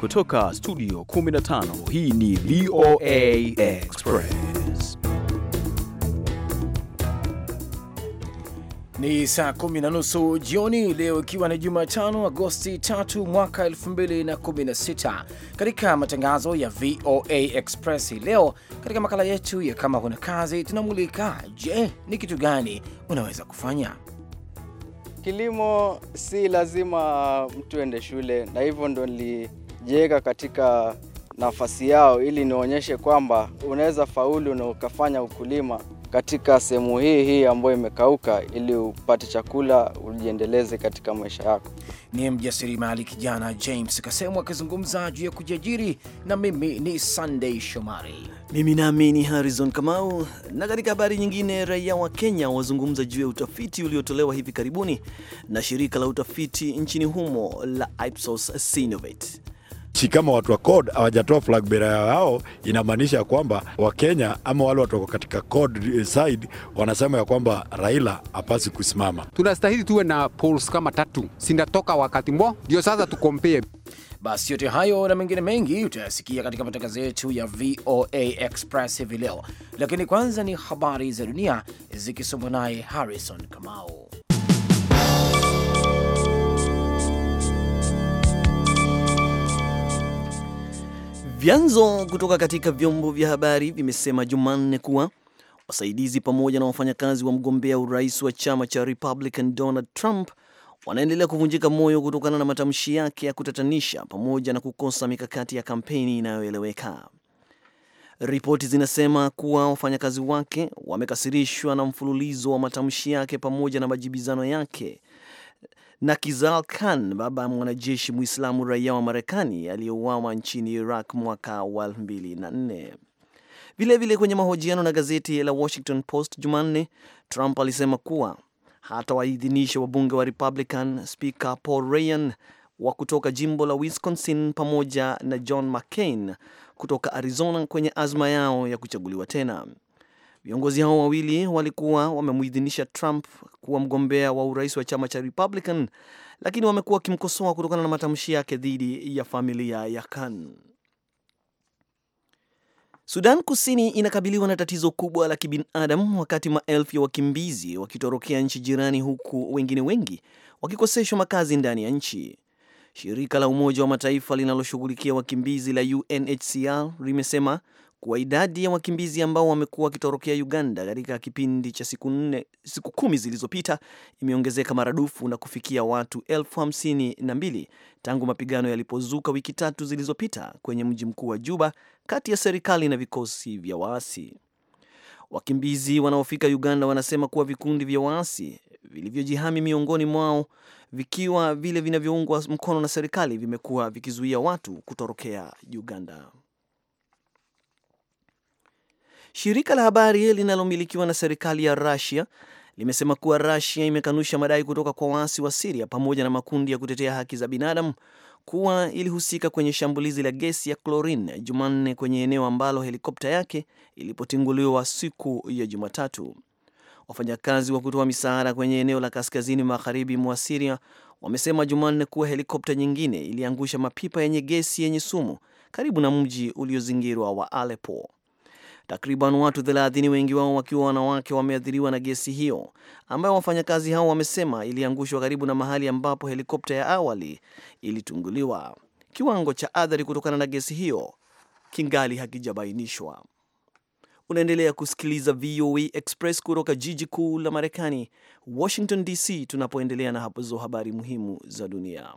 Kutoka studio 15 hii ni VOA Express. Ni saa kumi na nusu jioni leo, ikiwa ni Jumatano Agosti 3 mwaka 2016. Katika matangazo ya VOA Express hii leo, katika makala yetu ya kama kuna kazi, tunamulika je, ni kitu gani unaweza kufanya Kilimo si lazima mtu ende shule, na hivyo ndo nili nitajiweka katika nafasi yao ili nionyeshe kwamba unaweza faulu na ukafanya ukulima katika sehemu hii hii ambayo imekauka ili upate chakula ujiendeleze katika maisha yako. Ni mjasiriamali kijana James Kasemu akizungumza juu ya kujiajiri, na mimi ni Sunday Shomari. Mimi nami ni Harrison Kamau. Na katika habari nyingine, raia wa Kenya wazungumza juu ya utafiti uliotolewa hivi karibuni na shirika la utafiti nchini humo la Ipsos Synovate nchi kama watu wa code hawajatoa flag bearer yao, inamaanisha kwamba Wakenya ama wale watu wako katika code eh, side wanasema ya kwamba Raila hapasi kusimama. Tunastahili tuwe na polls kama tatu, sindatoka wakati mbo ndio sasa tukompee. Basi yote hayo na mengine mengi utayasikia katika matangazo yetu ya VOA Express hivi leo, lakini kwanza ni habari za dunia zikisomwa naye Harrison Kamau. Vyanzo kutoka katika vyombo vya habari vimesema Jumanne kuwa wasaidizi pamoja na wafanyakazi wa mgombea urais wa chama cha Republican Donald Trump wanaendelea kuvunjika moyo kutokana na matamshi yake ya kutatanisha pamoja na kukosa mikakati ya kampeni inayoeleweka. Ripoti zinasema kuwa wafanyakazi wake wamekasirishwa na mfululizo wa matamshi yake pamoja na majibizano yake na Kizal Khan, baba ya mwanajeshi Mwislamu raia wa Marekani aliyeuawa nchini Iraq mwaka wa 2004. Vilevile, kwenye mahojiano na gazeti la Washington Post Jumanne, Trump alisema kuwa hata waidhinisha wabunge wa Republican, Spika Paul Ryan wa kutoka jimbo la Wisconsin pamoja na John McCain kutoka Arizona kwenye azma yao ya kuchaguliwa tena. Viongozi hao wawili walikuwa wamemuidhinisha Trump kuwa mgombea wa urais wa chama cha Republican, lakini wamekuwa wakimkosoa kutokana na matamshi yake dhidi ya familia ya Khan. Sudan Kusini inakabiliwa na tatizo kubwa la kibinadamu wakati maelfu ya wakimbizi wakitorokea nchi jirani, huku wengine wengi wakikoseshwa makazi ndani ya nchi. Shirika la Umoja wa Mataifa linaloshughulikia wakimbizi la UNHCR limesema kuwa idadi ya wakimbizi ambao wamekuwa wakitorokea Uganda katika kipindi cha siku nne, siku kumi zilizopita imeongezeka maradufu na kufikia watu elfu hamsini na mbili tangu mapigano yalipozuka wiki tatu zilizopita kwenye mji mkuu wa Juba kati ya serikali na vikosi vya waasi. Wakimbizi wanaofika Uganda wanasema kuwa vikundi vya waasi vilivyojihami miongoni mwao vikiwa vile vinavyoungwa mkono na serikali vimekuwa vikizuia watu kutorokea Uganda. Shirika la habari linalomilikiwa na serikali ya Russia limesema kuwa Russia imekanusha madai kutoka kwa waasi wa siria pamoja na makundi ya kutetea haki za binadamu kuwa ilihusika kwenye shambulizi la gesi ya chlorine Jumanne kwenye eneo ambalo helikopta yake ilipotinguliwa siku ya Jumatatu. Wafanyakazi wa kutoa misaada kwenye eneo la kaskazini magharibi mwa siria wamesema Jumanne kuwa helikopta nyingine iliangusha mapipa yenye gesi yenye sumu karibu na mji uliozingirwa wa Aleppo. Takriban watu 30 wengi wao wakiwa wanawake wameathiriwa na gesi hiyo ambayo wafanyakazi hao wamesema iliangushwa karibu na mahali ambapo helikopta ya awali ilitunguliwa. Kiwango cha athari kutokana na gesi hiyo kingali hakijabainishwa. Unaendelea kusikiliza VOA e Express kutoka jiji kuu la Marekani, Washington DC, tunapoendelea na hapozo habari muhimu za dunia.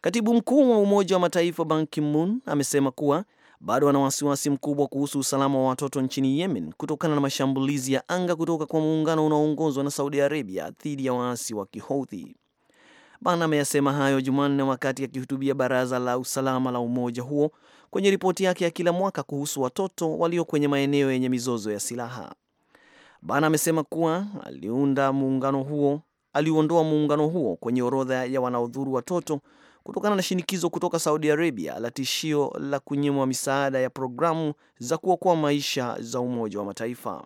Katibu mkuu wa Umoja wa Mataifa Ban Ki-moon amesema kuwa bado ana wasiwasi mkubwa kuhusu usalama wa watoto nchini Yemen kutokana na mashambulizi ya anga kutoka kwa muungano unaoongozwa na Saudi Arabia dhidi ya waasi wa Kihouthi. Ban ameyasema hayo Jumanne wakati akihutubia baraza la usalama la umoja huo kwenye ripoti yake ya kila mwaka kuhusu watoto walio kwenye maeneo yenye mizozo ya silaha. Ban amesema kuwa aliunda muungano huo aliuondoa muungano huo kwenye orodha ya wanaodhuru watoto kutokana na shinikizo kutoka Saudi Arabia la tishio la kunyimwa misaada ya programu za kuokoa maisha za Umoja wa Mataifa.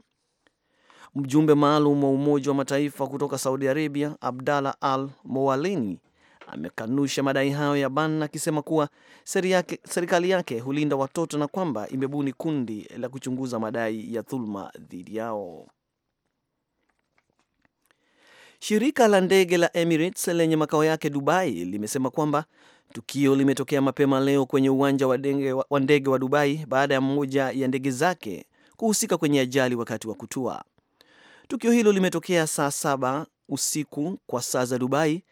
Mjumbe maalum wa Umoja wa Mataifa kutoka Saudi Arabia, Abdalla Al Mowalini, amekanusha madai hayo ya Ban akisema kuwa yake, serikali yake hulinda watoto na kwamba imebuni kundi la kuchunguza madai ya dhuluma dhidi yao. Shirika la ndege la Emirates lenye makao yake Dubai limesema kwamba tukio limetokea mapema leo kwenye uwanja wa ndege wa Dubai baada ya mmoja ya ndege zake kuhusika kwenye ajali wakati wa kutua. Tukio hilo limetokea saa saba usiku kwa saa za Dubai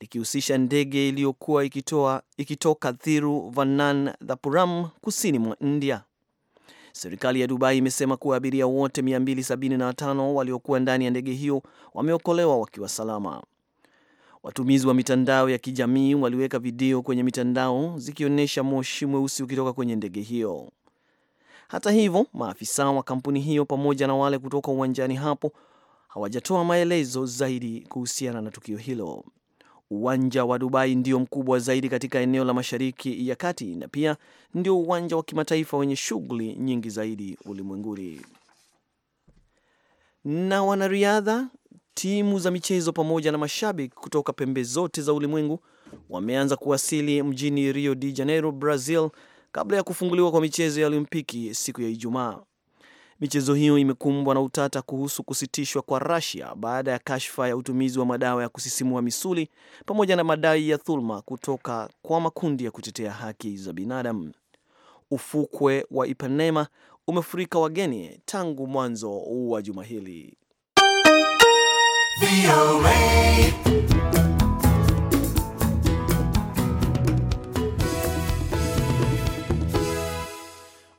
likihusisha ndege iliyokuwa ikitoa ikitoka Thiru Vannan Dhapuram kusini mwa India. Serikali ya Dubai imesema kuwa abiria wote 275 waliokuwa ndani ya ndege hiyo wameokolewa wakiwa salama. Watumizi wa mitandao ya kijamii waliweka video kwenye mitandao zikionyesha moshi mweusi ukitoka kwenye ndege hiyo. Hata hivyo, maafisa wa kampuni hiyo pamoja na wale kutoka uwanjani hapo hawajatoa maelezo zaidi kuhusiana na tukio hilo. Uwanja wa Dubai ndio mkubwa zaidi katika eneo la Mashariki ya Kati na pia ndio uwanja wa kimataifa wenye shughuli nyingi zaidi ulimwenguni. Na wanariadha, timu za michezo pamoja na mashabiki kutoka pembe zote za ulimwengu wameanza kuwasili mjini Rio de Janeiro, Brazil kabla ya kufunguliwa kwa michezo ya Olimpiki siku ya Ijumaa. Michezo hiyo imekumbwa na utata kuhusu kusitishwa kwa Russia baada ya kashfa ya utumizi wa madawa ya kusisimua misuli pamoja na madai ya dhuluma kutoka kwa makundi ya kutetea haki za binadamu. Ufukwe wa Ipanema umefurika wageni tangu mwanzo wa juma hili.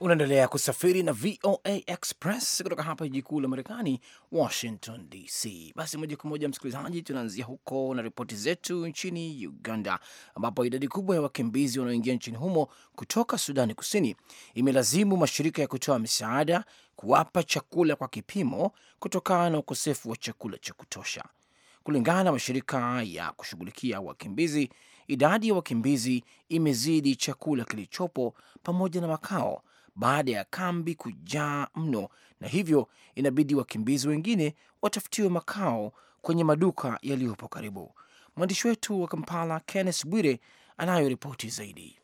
Unaendelea kusafiri na VOA Express kutoka hapa jiji kuu la Marekani, Washington DC. Basi moja kwa moja, msikilizaji, tunaanzia huko na ripoti zetu nchini Uganda, ambapo idadi kubwa ya wakimbizi wanaoingia nchini humo kutoka Sudani Kusini imelazimu mashirika ya kutoa misaada kuwapa chakula kwa kipimo kutokana na ukosefu wa chakula cha kutosha. Kulingana na mashirika ya kushughulikia wakimbizi, idadi ya wakimbizi imezidi chakula kilichopo pamoja na makao baada ya kambi kujaa mno, na hivyo inabidi wakimbizi wengine watafutiwe makao kwenye maduka yaliyopo karibu. Mwandishi wetu wa Kampala Kenneth Bwire anayo ripoti zaidi.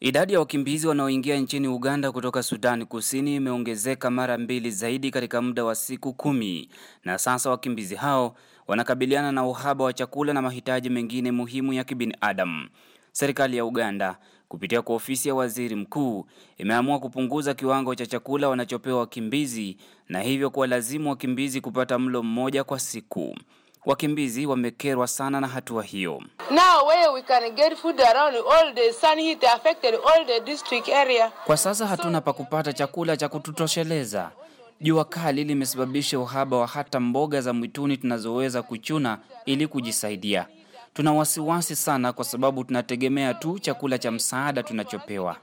Idadi ya wakimbizi wanaoingia nchini Uganda kutoka Sudani Kusini imeongezeka mara mbili zaidi katika muda wa siku kumi, na sasa wakimbizi hao wanakabiliana na uhaba wa chakula na mahitaji mengine muhimu ya kibinadamu. Serikali ya Uganda kupitia kwa ofisi ya waziri mkuu imeamua kupunguza kiwango cha chakula wanachopewa wakimbizi na hivyo kuwalazimu wakimbizi kupata mlo mmoja kwa siku. Wakimbizi wamekerwa sana na hatua hiyo. Kwa sasa hatuna pa kupata chakula cha kututosheleza. Jua kali limesababisha uhaba wa hata mboga za mwituni tunazoweza kuchuna ili kujisaidia. Tuna wasiwasi sana kwa sababu tunategemea tu chakula cha msaada tunachopewa.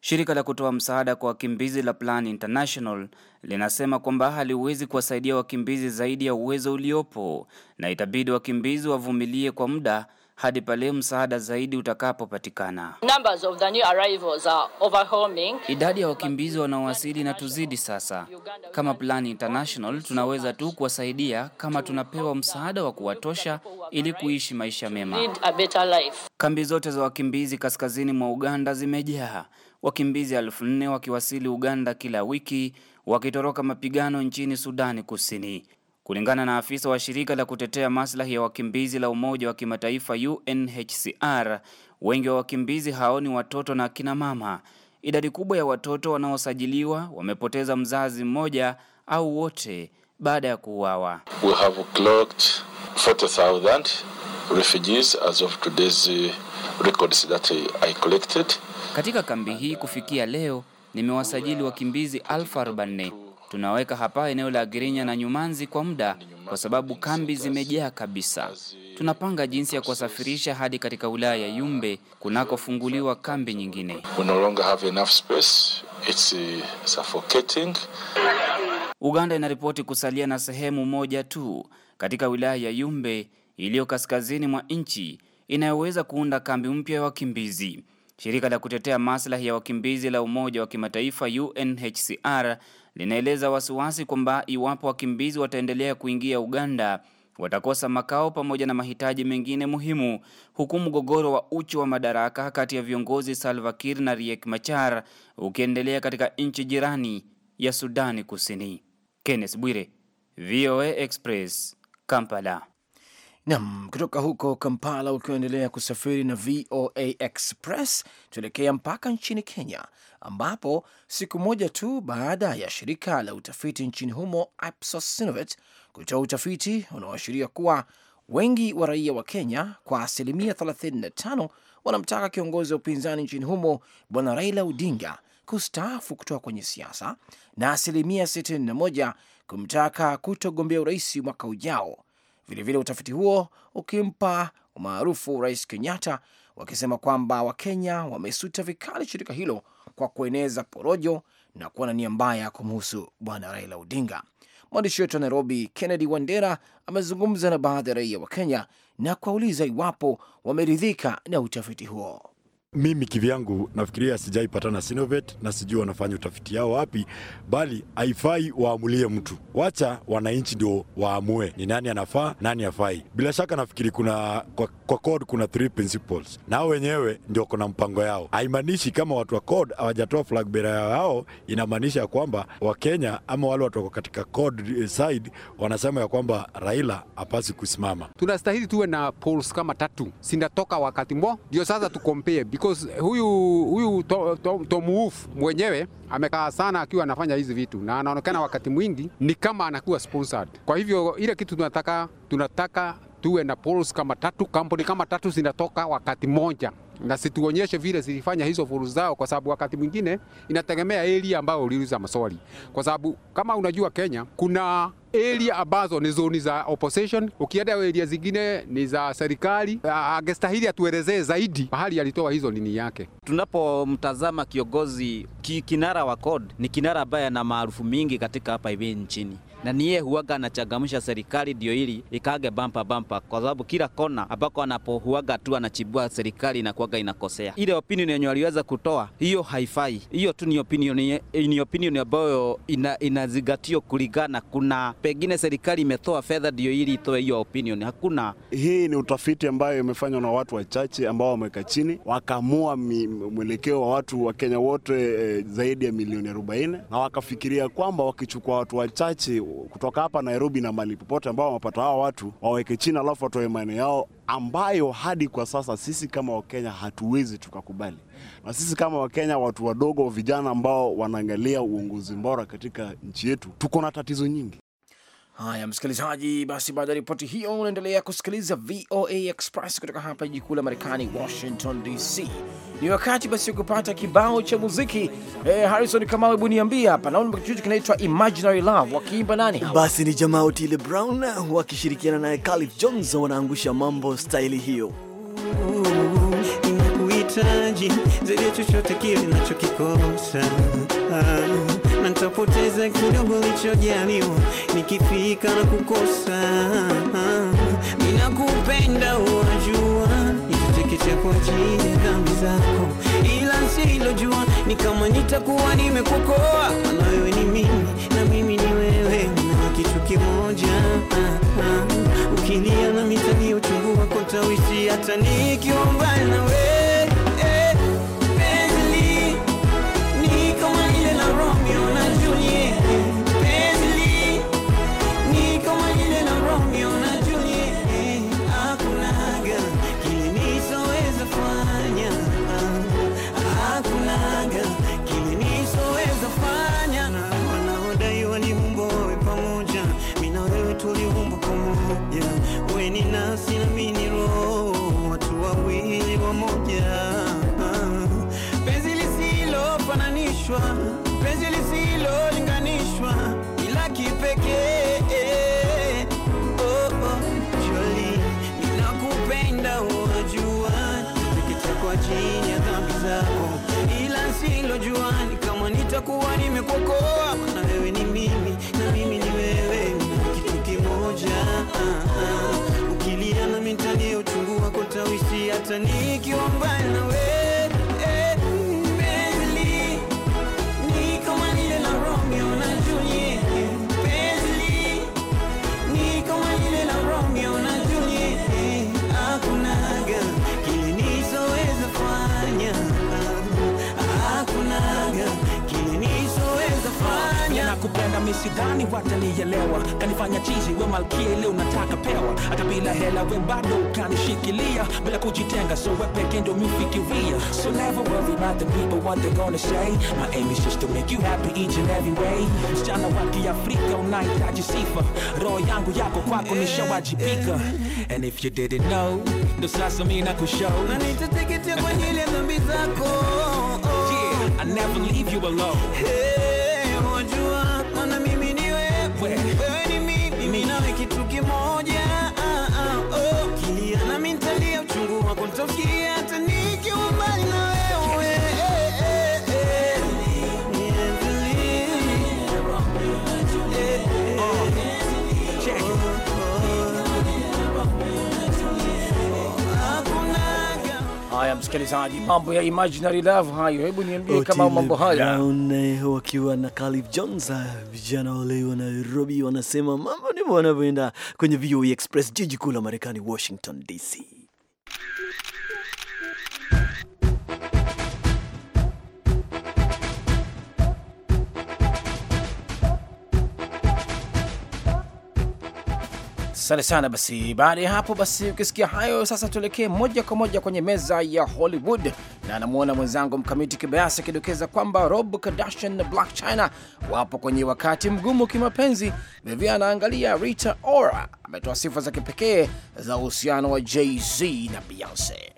Shirika la kutoa msaada kwa wakimbizi la Plan International linasema kwamba haliwezi kuwasaidia wakimbizi zaidi ya uwezo uliopo na itabidi wakimbizi wavumilie kwa muda hadi pale msaada zaidi utakapopatikana. Idadi ya wakimbizi wanaowasili na tuzidi sasa. Kama Plan International tunaweza tu kuwasaidia kama tunapewa msaada wa kuwatosha ili kuishi maisha mema. Kambi zote za wakimbizi kaskazini mwa Uganda zimejaa. Wakimbizi elfu nne wakiwasili Uganda kila wiki wakitoroka mapigano nchini Sudani Kusini. Kulingana na afisa wa shirika la kutetea maslahi ya wakimbizi la Umoja wa Kimataifa UNHCR, wengi wa wakimbizi hao ni watoto na kina mama. Idadi kubwa ya watoto wanaosajiliwa wamepoteza mzazi mmoja au wote baada ya kuuawa. We have clocked 40,000 refugees as of today's records that I collected. Katika kambi hii kufikia leo nimewasajili wakimbizi elfu arobaini Tunaweka hapa eneo la Girinya na Nyumanzi kwa muda kwa sababu kambi zimejaa kabisa. Tunapanga jinsi ya kuwasafirisha hadi katika wilaya ya Yumbe kunakofunguliwa kambi nyingine. Uh, Uganda inaripoti kusalia na sehemu moja tu katika wilaya ya Yumbe iliyo kaskazini mwa nchi inayoweza kuunda kambi mpya ya wakimbizi. Shirika la kutetea maslahi ya wakimbizi la Umoja wa Kimataifa UNHCR linaeleza wasiwasi kwamba iwapo wakimbizi wataendelea kuingia Uganda watakosa makao pamoja na mahitaji mengine muhimu, huku mgogoro wa uchu wa madaraka kati ya viongozi Salva Kiir na Riek Machar ukiendelea katika nchi jirani ya Sudani Kusini. Kenneth Bwire, VOA Express, Kampala. Nam kutoka huko Kampala, ukiendelea kusafiri na VOA Express, tuelekea mpaka nchini Kenya, ambapo siku moja tu baada ya shirika la utafiti nchini humo Ipsos Synovate kutoa utafiti unaoashiria kuwa wengi wa raia wa Kenya kwa asilimia 35 wanamtaka kiongozi wa upinzani nchini humo Bwana Raila Odinga kustaafu kutoka kwenye siasa na asilimia 61 kumtaka kutogombea urais mwaka ujao. Vilevile utafiti huo ukimpa umaarufu Rais Kenyatta, wakisema kwamba Wakenya wamesuta vikali shirika hilo kwa kueneza porojo na kuwa na nia mbaya kumhusu Bwana Raila Odinga. Mwandishi wetu wa Nairobi, Kennedy Wandera, amezungumza na baadhi ya raia wa Kenya na kuwauliza iwapo wameridhika na utafiti huo. Mimi kivyangu nafikiria sijaipatana na Sinovet na sijui wanafanya utafiti yao wapi, bali haifai waamulie mtu. Wacha wananchi ndio waamue ni nani anafaa nani afai. Bila shaka nafikiri kuna kwa, kwa code kuna three principles na wenyewe ndio kuna mpango yao. Haimaanishi kama watu wa code hawajatoa flag bearer yao, inamaanisha ya kwamba Wakenya ama wale watu wako katika code side wanasema ya kwamba Raila hapasi kusimama. Tunastahili tuwe na polls kama tatu, sindatoka wakati mbo ndio sasa tukompee because huyu huyu Tom, Tom, Tom Wolf mwenyewe amekaa sana akiwa anafanya hizi vitu na anaonekana wakati mwingi ni kama anakuwa sponsored. Kwa hivyo ile kitu tunataka tunataka tuwe na polls kama tatu, kampuni kama tatu zinatoka wakati moja na situonyeshe vile zilifanya hizo fursa zao, kwa sababu wakati mwingine inategemea area ambayo uliuliza maswali, kwa sababu kama unajua Kenya kuna area ambazo ni zoni za opposition. Ukienda area zingine ni za serikali. Angestahili atuelezee zaidi mahali alitoa hizo nini yake. Tunapomtazama kiongozi ki, kinara wa CORD ni kinara ambaye ana maarufu mingi katika hapa hivi nchini na niye huaga anachangamsha serikali ndio ili ikage bampa bampa, kwa sababu kila kona ambako anapohuaga tu anachibua serikali inakuaga inakosea. Ile opinion yenye waliweza kutoa hiyo haifai, hiyo tu ni opinion, ni opinion ambayo ina, inazingatio kulingana, kuna pengine serikali imetoa fedha ndio ili itoe hiyo opinion. Hakuna, hii ni utafiti ambayo imefanywa na watu wachache ambao wameweka chini wakaamua mwelekeo wa watu wa Kenya wote e, zaidi ya milioni 40 na wakafikiria kwamba wakichukua watu wachache kutoka hapa Nairobi na mali popote ambao wamepata hawa watu waweke chini, alafu watoe maeneo yao ambayo hadi kwa sasa sisi kama Wakenya hatuwezi tukakubali, na sisi kama Wakenya watu wadogo, vijana ambao wanaangalia uongozi bora katika nchi yetu, tuko na tatizo nyingi. Haya msikilizaji, basi baada ya ripoti hiyo, unaendelea kusikiliza VOA Express kutoka hapa jiji kuu la Marekani, Washington DC. Ni wakati basi kupata kibao cha muziki. Eh, Harrison Kamau, hebu niambie hapa, naona kitu kinaitwa Imaginary Love, wakiimba nani Basi ni jamaa Otile Brown wakishirikiana naye Khalid Jones, wanaangusha mambo staili hiyo. Nakuhitaji zaidi chochote kile uh sana nitapoteza kidogo lichojaliwa, nikifika na kukosa. Ninakupenda wajua, nitachekecha kwa ajili ya zako, ila silojua ni kama nitakuwa nimekukoa, nawewe ni mimi na mimi ni wewe, na kitu kimoja ukilia na mitani wako tawisi, hata nikiomba na wewe kulinganishwa, penzi lisilolinganishwa, ila kipekee oh, oh, Jolie, ninakupenda wajua, kwa chini ya dhambi zako, ila silojua ni kama nitakuwa nimekuokoa, na wewe ni mimi na mimi ni wewe, kitu kimoja ah, ah. Ukilia nami uchungu wako tawisi, hata nikiomba nami sidhani watanielewa, kanifanya chizi we malkia, ile unataka pewa, hata bila hela we bado ukanishikilia, bila kujitenga, so we peke ndo mifikiria. So never worry about the people, what they gonna say. My aim is just to make you happy each and every way. Msichana wa Kiafrika unahitaji sifa, roho yangu yako kwako nishawajibika. And if you didn't know, ndo sasa mimi nakushow, na nitateketea kwa ajili ya dhambi Yeah, I never leave you alone. Hey wet. msikilizaji, mambo ya imaginary love hayo. Hebu niambie kama mambo hayo eh, wakiwa na Calif Jones, eh, vijana wale wa Nairobi wanasema mambo ndivyo wanavyoenda kwenye VOA e Express, jiji kuu la Marekani, Washington DC. Asante sana. Basi baada ya hapo, basi ukisikia hayo sasa, tuelekee moja kwa moja kwenye meza ya Hollywood na anamwona mwenzangu Mkamiti Kibayasi akidokeza kwamba Rob Kardashian na Black China wapo kwenye wakati mgumu kimapenzi. Vivyo anaangalia Rita Ora ametoa sifa za kipekee za uhusiano wa Jay-Z na Beyonce.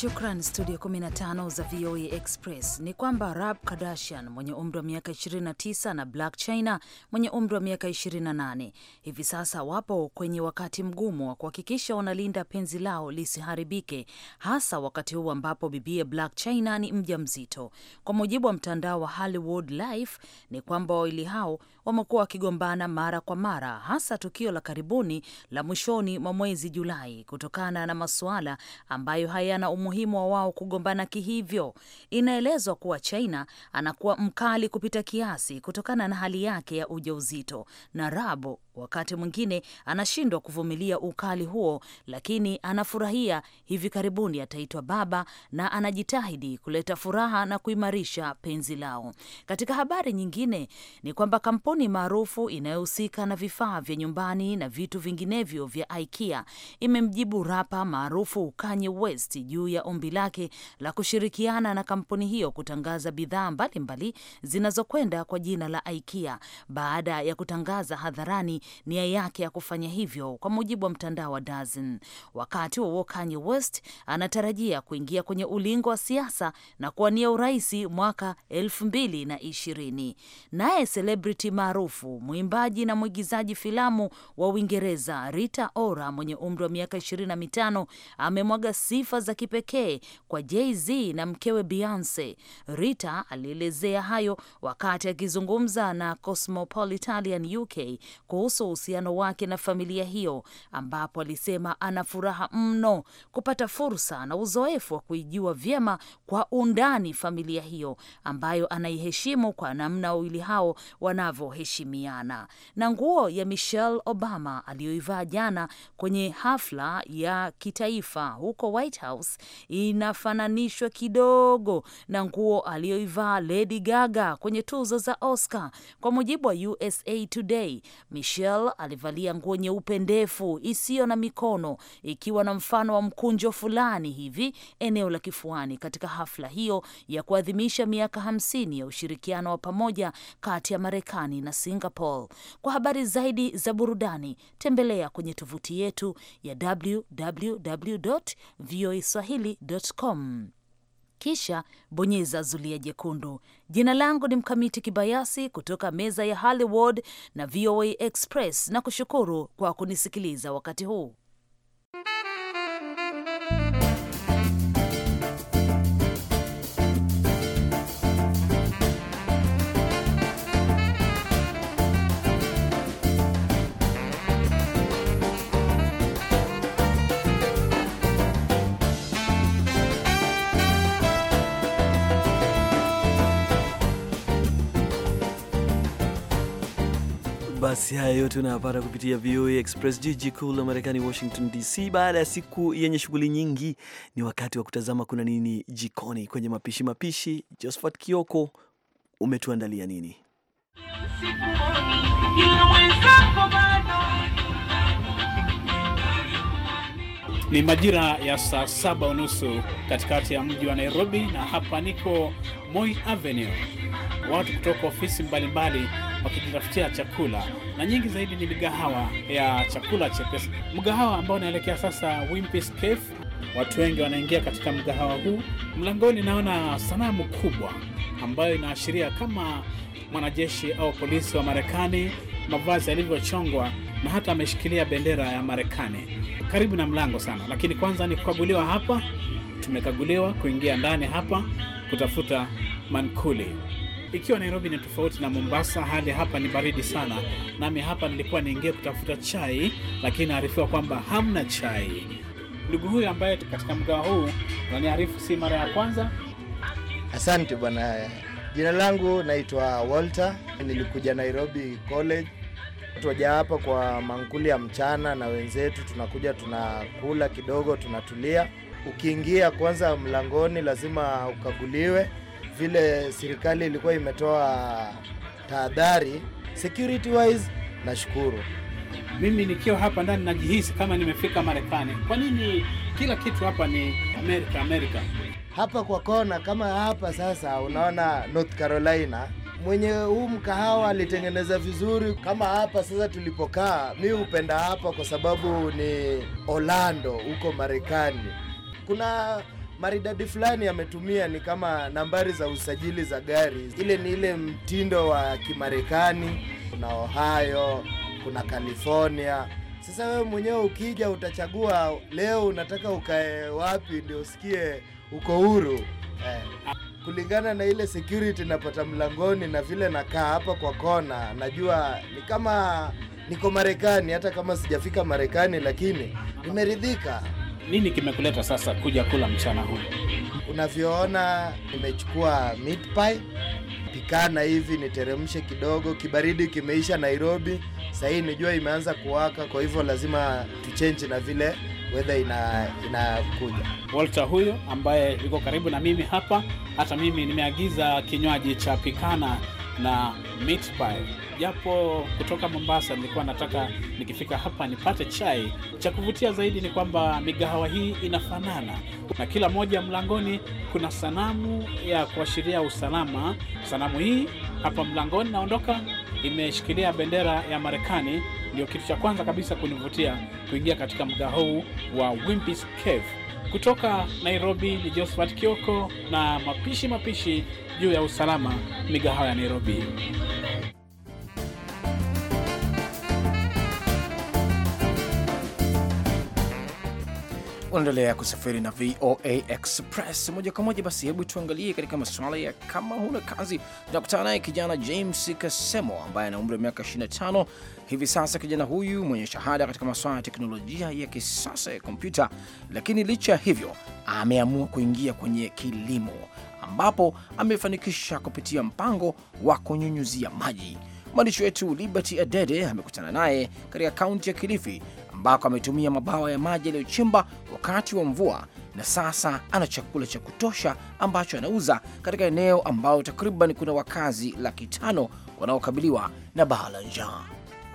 Shukran studio 15 za VOA Express. Ni kwamba Rab Kardashian mwenye umri wa miaka 29 na Black China mwenye umri wa miaka 28 hivi sasa wapo kwenye wakati mgumu wa kuhakikisha wanalinda penzi lao lisiharibike, hasa wakati huu ambapo bibie Black China ni mja mzito. Kwa mujibu wa mtandao wa Hollywood Life, ni kwamba wawili hao wamekuwa wakigombana mara kwa mara, hasa tukio la karibuni la mwishoni mwa mwezi Julai kutokana na masuala ambayo hayana umuhimu wa wao kugombana kihivyo. Inaelezwa kuwa China anakuwa mkali kupita kiasi kutokana na hali yake ya ujauzito na Rabo Wakati mwingine anashindwa kuvumilia ukali huo, lakini anafurahia. Hivi karibuni ataitwa baba na anajitahidi kuleta furaha na kuimarisha penzi lao. Katika habari nyingine ni kwamba kampuni maarufu inayohusika na vifaa vya nyumbani na vitu vinginevyo vya IKEA imemjibu rapa maarufu Kanye West juu ya ombi lake la kushirikiana na kampuni hiyo kutangaza bidhaa mbalimbali zinazokwenda kwa jina la IKEA baada ya kutangaza hadharani nia yake ya kufanya hivyo, kwa mujibu wa mtandao wa dazin Wakati wa Kanye West anatarajia kuingia kwenye ulingo wa siasa na kuwania urais mwaka elfu mbili na ishirini. Naye celebrity maarufu mwimbaji na mwigizaji filamu wa Uingereza Rita Ora mwenye umri wa miaka ishirini na mitano amemwaga sifa za kipekee kwa Jay-Z na mkewe Beyonce. Rita alielezea hayo wakati akizungumza na Cosmopolitan UK kuhusu kuhusu uhusiano wake na familia hiyo, ambapo alisema ana furaha mno kupata fursa na uzoefu wa kuijua vyema kwa undani familia hiyo ambayo anaiheshimu kwa namna wawili hao wanavyoheshimiana. Na nguo ya Michelle Obama aliyoivaa jana kwenye hafla ya kitaifa huko White House inafananishwa kidogo na nguo aliyoivaa Lady Gaga kwenye tuzo za Oscar, kwa mujibu wa USA Today. Michelle Michelle alivalia nguo nyeupe ndefu isiyo na mikono ikiwa na mfano wa mkunjo fulani hivi eneo la kifuani katika hafla hiyo ya kuadhimisha miaka hamsini ya ushirikiano wa pamoja kati ya Marekani na Singapore. Kwa habari zaidi za burudani tembelea kwenye tovuti yetu ya www kisha bonyeza zulia jekundu. Jina langu ni Mkamiti Kibayasi kutoka meza ya Hollywood na VOA Express, na kushukuru kwa kunisikiliza wakati huu. basi haya yote unayapata kupitia VOA Express, jiji kuu la Marekani, Washington DC. Baada ya siku yenye shughuli nyingi, ni wakati wa kutazama kuna nini jikoni kwenye mapishi mapishi. Josephat Kioko, umetuandalia nini? Ni majira ya saa saba unusu katikati ya mji wa Nairobi, na hapa niko Moi Avenue, watu kutoka ofisi mbalimbali wakijitafutia chakula, na nyingi zaidi ni migahawa ya chakula chepesi. Mgahawa ambao unaelekea sasa Wimpy's Cafe, watu wengi wanaingia katika mgahawa huu. Mlangoni naona sanamu kubwa ambayo inaashiria kama mwanajeshi au polisi wa Marekani, mavazi yalivyochongwa na hata ameshikilia bendera ya Marekani karibu na mlango sana. Lakini kwanza ni kukaguliwa hapa, tumekaguliwa kuingia ndani hapa kutafuta mankuli. Ikiwa Nairobi ni tofauti na Mombasa, hali hapa ni baridi sana. Nami hapa nilikuwa niingie kutafuta chai, lakini naarifiwa kwamba hamna chai. Ndugu huyu ambaye katika mgawa huu unaniarifu si mara ya kwanza. Asante bwana. Jina langu naitwa Walter, nilikuja Nairobi College waja hapa kwa mankuli ya mchana na wenzetu, tunakuja tunakula kidogo, tunatulia. Ukiingia kwanza mlangoni, lazima ukaguliwe. Vile serikali ilikuwa imetoa tahadhari security wise, nashukuru. Mimi nikiwa hapa ndani najihisi kama nimefika Marekani. Kwa nini kila kitu hapa ni Amerika Amerika? Hapa kwa kona kama hapa sasa, unaona North Carolina mwenye huu mkahawa alitengeneza vizuri. Kama hapa sasa tulipokaa, mi hupenda hapa kwa sababu ni Orlando huko Marekani. Kuna maridadi fulani ametumia, ni kama nambari za usajili za gari, ile ni ile mtindo wa Kimarekani. Kuna Ohio, kuna California. Sasa wewe mwenyewe ukija utachagua leo unataka ukae wapi, ndio usikie uko huru eh kulingana na ile security napata mlangoni na vile nakaa hapa kwa kona, najua ni kama niko Marekani, hata kama sijafika Marekani, lakini nimeridhika. Nini kimekuleta sasa kuja kula mchana huu? Unavyoona, nimechukua meat pie pikana hivi niteremshe kidogo, kibaridi kimeisha Nairobi, sahii ni jua imeanza kuwaka, kwa hivyo lazima tuchenji na vile weather ina inakuja. Walter huyo ambaye yuko karibu na mimi hapa, hata mimi nimeagiza kinywaji cha pikana na meat pie, japo kutoka Mombasa nilikuwa nataka nikifika hapa nipate chai. Cha kuvutia zaidi ni kwamba migahawa hii inafanana, na kila moja mlangoni kuna sanamu ya kuashiria usalama. Sanamu hii hapa mlangoni, naondoka imeshikilia bendera ya Marekani ndio kitu cha kwanza kabisa kunivutia kuingia katika mga huu wa Wimpy's Cave. Kutoka Nairobi ni Josephat Kioko na mapishi mapishi juu ya usalama migahawa ya Nairobi. unaendelea kusafiri na VOA Express moja kwa moja. Basi hebu tuangalie katika masuala ya kama huna kazi. Tunakutana naye kijana James Kasemo ambaye ana umri wa miaka 25 hivi sasa. Kijana huyu mwenye shahada katika masuala ya teknolojia ya kisasa ya kompyuta, lakini licha ya hivyo ameamua kuingia kwenye kilimo, ambapo amefanikisha kupitia mpango wa kunyunyuzia maji. Mwandishi wetu Liberty Adede amekutana naye katika kaunti ya Kilifi ambako ametumia mabawa ya maji yaliyochimba wakati wa mvua na sasa ana chakula cha kutosha ambacho anauza katika eneo ambalo takriban kuna wakazi laki tano wanaokabiliwa na baha la njaa.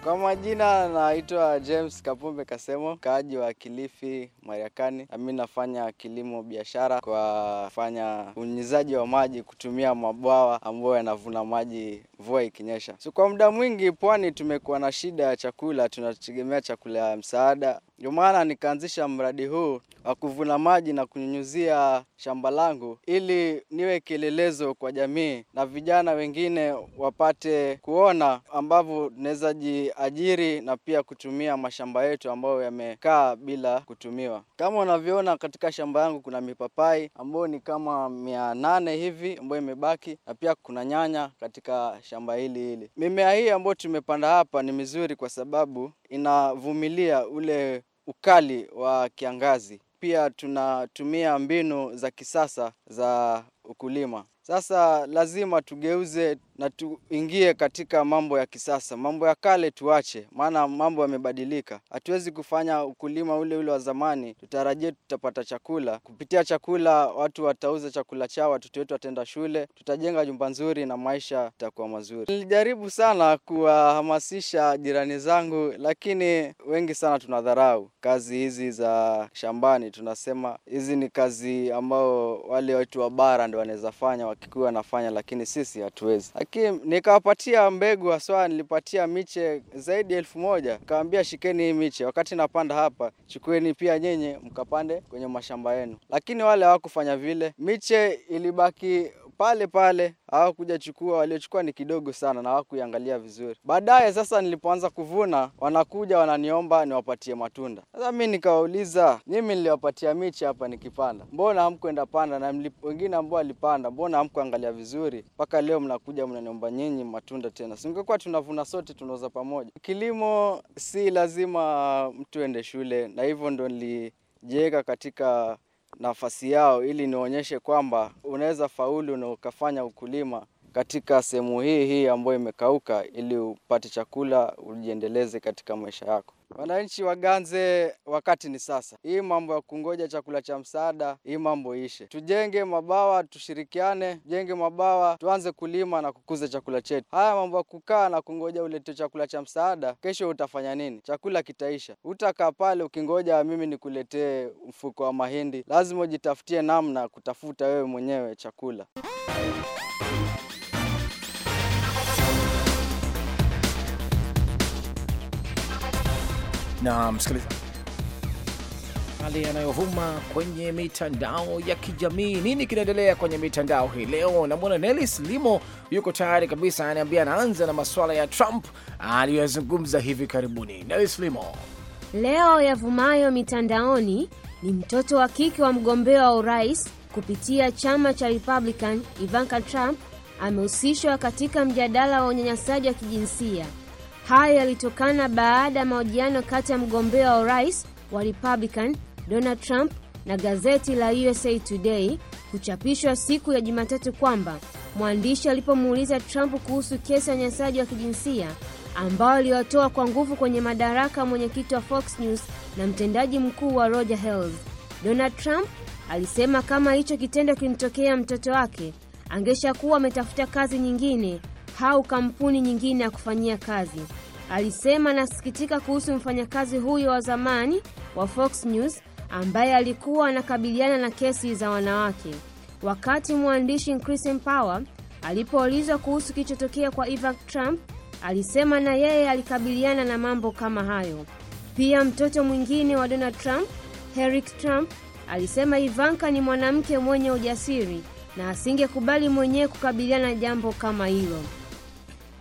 Kwa majina naitwa James kapumbe Kasemo, kaaji wa Kilifi, Marekani. Nami nafanya kilimo biashara kwa fanya unyunyizaji wa maji kutumia mabwawa ambayo yanavuna maji mvua ikinyesha. So kwa muda mwingi pwani tumekuwa na shida ya chakula, tunategemea chakula ya msaada. Ndio maana nikaanzisha mradi huu wa kuvuna maji na kunyunyuzia shamba langu ili niwe kielelezo kwa jamii na vijana wengine wapate kuona ambavyo tunaweza jiajiri na pia kutumia mashamba yetu ambayo yamekaa bila kutumiwa. Kama unavyoona katika shamba yangu kuna mipapai ambayo ni kama mia nane hivi ambayo imebaki na pia kuna nyanya katika shamba hili hili. Mimea hii ambayo tumepanda hapa ni mizuri kwa sababu inavumilia ule ukali wa kiangazi. Pia tunatumia mbinu za kisasa za ukulima. Sasa lazima tugeuze na tuingie katika mambo ya kisasa. Mambo ya kale tuache, maana mambo yamebadilika. Hatuwezi kufanya ukulima ule ule wa zamani tutarajie tutapata chakula kupitia chakula. Watu watauza chakula chao, watoto wetu wataenda shule, tutajenga nyumba nzuri na maisha itakuwa mazuri. Nilijaribu sana kuwahamasisha jirani zangu, lakini wengi sana tunadharau kazi hizi za shambani. Tunasema hizi ni kazi ambao wale watu wa bara ndio wanaweza fanya wakikuwa wanafanya, lakini sisi hatuwezi lakini nikawapatia mbegu haswa, nilipatia miche zaidi ya elfu moja kawambia shikeni hii miche, wakati napanda hapa, chukueni pia nyinyi mkapande kwenye mashamba yenu, lakini wale hawakufanya vile, miche ilibaki pale pale, hawakujachukua. Waliochukua ni kidogo sana na hawakuiangalia vizuri. Baadaye sasa, nilipoanza kuvuna, wanakuja wananiomba niwapatie matunda. Sasa mi nikawauliza, mimi niliwapatia miche hapa nikipanda, mbona hamkwenda panda? Na wengine ambao walipanda, mbona hamkuangalia vizuri? Mpaka leo mnakuja mnaniomba nyinyi matunda tena. Singekuwa tunavuna sote, tunauza pamoja. Kilimo si lazima mtu ende shule, na hivyo ndo nilijiweka katika nafasi yao, ili nionyeshe kwamba unaweza faulu na ukafanya ukulima katika sehemu hii hii ambayo imekauka ili upate chakula ujiendeleze katika maisha yako. Wananchi waganze, wakati ni sasa. Hii mambo ya kungoja chakula cha msaada, hii mambo ishe. Tujenge mabawa, tushirikiane, tujenge mabawa, tuanze kulima na kukuza chakula chetu. Haya mambo ya kukaa na kungoja ulete chakula cha msaada, kesho utafanya nini? Chakula kitaisha. Utakaa pale ukingoja mimi nikuletee mfuko wa mahindi. Lazima ujitafutie namna kutafuta wewe mwenyewe chakula. na msikilizaji hali yanayovuma kwenye mitandao ya kijamii. Nini kinaendelea kwenye mitandao hii leo? Namwona Nelis Limo yuko tayari kabisa, anaambia anaanza na masuala ya Trump aliyoyazungumza hivi karibuni. Nelis Limo, leo yavumayo mitandaoni ni mtoto wa kike wa mgombea wa urais kupitia chama cha Republican Ivanka Trump amehusishwa katika mjadala wa unyanyasaji wa kijinsia Hayo yalitokana baada ya mahojiano kati ya mgombea wa urais wa Republican Donald Trump na gazeti la USA Today kuchapishwa siku ya Jumatatu kwamba mwandishi alipomuuliza Trump kuhusu kesi ya unyanyasaji wa kijinsia ambao aliwatoa kwa nguvu kwenye madaraka mwenyekiti wa Fox News na mtendaji mkuu wa Roger Hells, Donald Trump alisema kama hicho kitendo kilimtokea mtoto wake angeshakuwa ametafuta kazi nyingine au kampuni nyingine ya kufanyia kazi. Alisema anasikitika kuhusu mfanyakazi huyo wa zamani wa Fox News ambaye alikuwa anakabiliana na kesi za wanawake. Wakati mwandishi crisen Power alipoulizwa kuhusu kilichotokea kwa Ivanka Trump, alisema na yeye alikabiliana na mambo kama hayo. Pia mtoto mwingine wa Donald Trump, Eric Trump, alisema Ivanka ni mwanamke mwenye ujasiri na asingekubali mwenyewe kukabiliana na jambo kama hilo.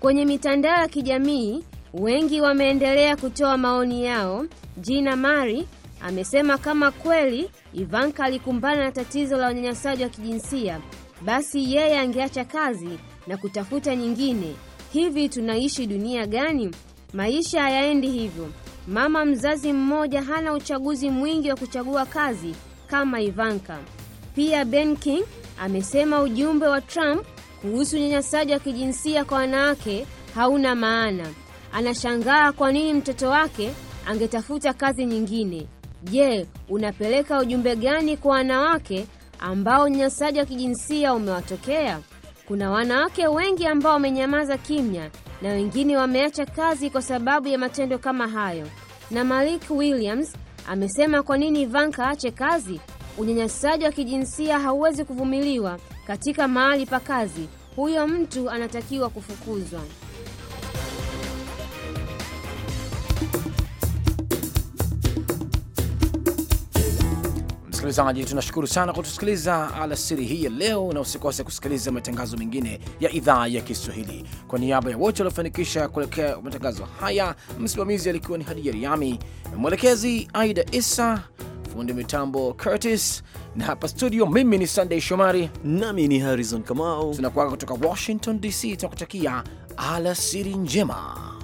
Kwenye mitandao ya kijamii, wengi wameendelea kutoa maoni yao. Jina Mari amesema kama kweli Ivanka alikumbana na tatizo la unyanyasaji wa kijinsia, basi yeye angeacha kazi na kutafuta nyingine. Hivi tunaishi dunia gani? Maisha hayaendi hivyo. Mama mzazi mmoja hana uchaguzi mwingi wa kuchagua kazi kama Ivanka. Pia Ben King amesema ujumbe wa Trump kuhusu unyanyasaji wa kijinsia kwa wanawake hauna maana. Anashangaa kwa nini mtoto wake angetafuta kazi nyingine. Je, unapeleka ujumbe gani kwa wanawake ambao unyanyasaji wa kijinsia umewatokea? Kuna wanawake wengi ambao wamenyamaza kimya na wengine wameacha kazi kwa sababu ya matendo kama hayo. Na Malik Williams amesema kwa nini Ivanka aache kazi? Unyanyasaji wa kijinsia hauwezi kuvumiliwa katika mahali pa kazi, huyo mtu anatakiwa kufukuzwa. Msikilizaji, tunashukuru sana kwa kutusikiliza alasiri hii ya leo, na usikose kusikiliza matangazo mengine ya idhaa ya Kiswahili. Kwa niaba ya wote waliofanikisha kuelekea matangazo haya, msimamizi alikuwa ni Hadija Riami, mwelekezi Aida isa fundi mitambo Curtis, na hapa studio mimi ni Sunday Shomari nami ni Harrison Kamau, tunakuaga kutoka Washington DC, tunakutakia alasiri njema.